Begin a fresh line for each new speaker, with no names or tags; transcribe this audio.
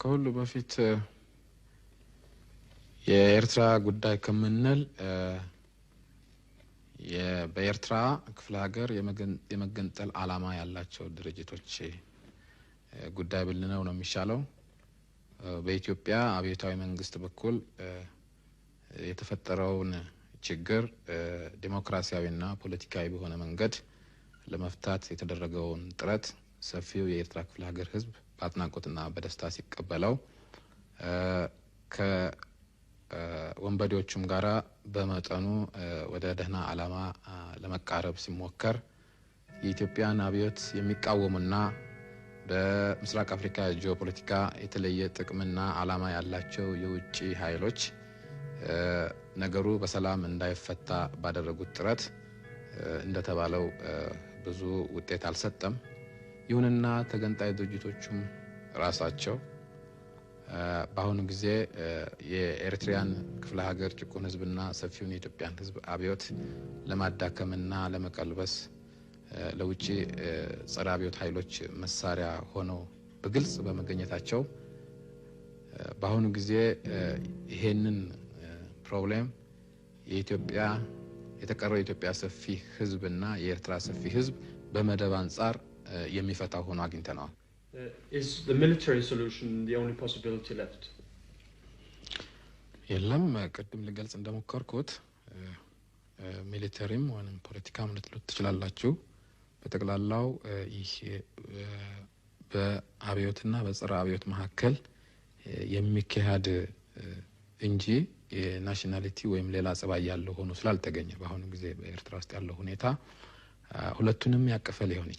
ከሁሉ በፊት የኤርትራ ጉዳይ ከምንል በኤርትራ ክፍለ ሀገር የመገንጠል ዓላማ ያላቸው ድርጅቶች ጉዳይ ብልነው ነው የሚሻለው። በኢትዮጵያ አብዮታዊ መንግስት በኩል የተፈጠረውን ችግር ዴሞክራሲያዊና ፖለቲካዊ በሆነ መንገድ ለመፍታት የተደረገውን ጥረት ሰፊው የኤርትራ ክፍለ ሀገር ህዝብ በአድናቆትና በደስታ ሲቀበለው ከወንበዴዎቹም ጋራ በመጠኑ ወደ ደህና ዓላማ ለመቃረብ ሲሞከር የኢትዮጵያን አብዮት የሚቃወሙና በምስራቅ አፍሪካ ጂኦፖለቲካ የተለየ ጥቅምና ዓላማ ያላቸው የውጭ ኃይሎች ነገሩ በሰላም እንዳይፈታ ባደረጉት ጥረት እንደተባለው ብዙ ውጤት አልሰጠም። ይሁንና ተገንጣይ ድርጅቶቹም ራሳቸው በአሁኑ ጊዜ የኤርትሪያን ክፍለ ሀገር ጭቁን ህዝብና ሰፊውን የኢትዮጵያን ህዝብ አብዮት ለማዳከምና ለመቀልበስ ለውጭ ጸረ አብዮት ኃይሎች መሳሪያ ሆነው በግልጽ በመገኘታቸው በአሁኑ ጊዜ ይሄንን ፕሮብሌም የኢትዮጵያ የተቀረው የኢትዮጵያ ሰፊ ህዝብና የኤርትራ ሰፊ ህዝብ በመደብ አንጻር የሚፈታ ሆኖ አግኝተነዋል። uh, የለም uh, ቅድም ልገልጽ እንደሞከርኩት ሚሊተሪም uh, ወይም ፖለቲካም ልትሉት ትችላላችሁ። በጠቅላላው ይህ በአብዮትና በጸረ አብዮት መካከል የሚካሄድ እንጂ የናሽናሊቲ ወይም ሌላ ጸባይ ያለው ሆኖ ስላልተገኘ በአሁኑ ጊዜ በኤርትራ ውስጥ ያለው ሁኔታ ሁለቱንም ያቀፈ ሊሆን ይችላል።